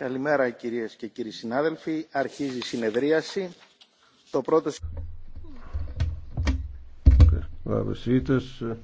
Καλημέρα κυρίες και κύριοι συνάδελφοι. Αρχίζει η συνεδρίαση. Το πρώτο... Labas rytas.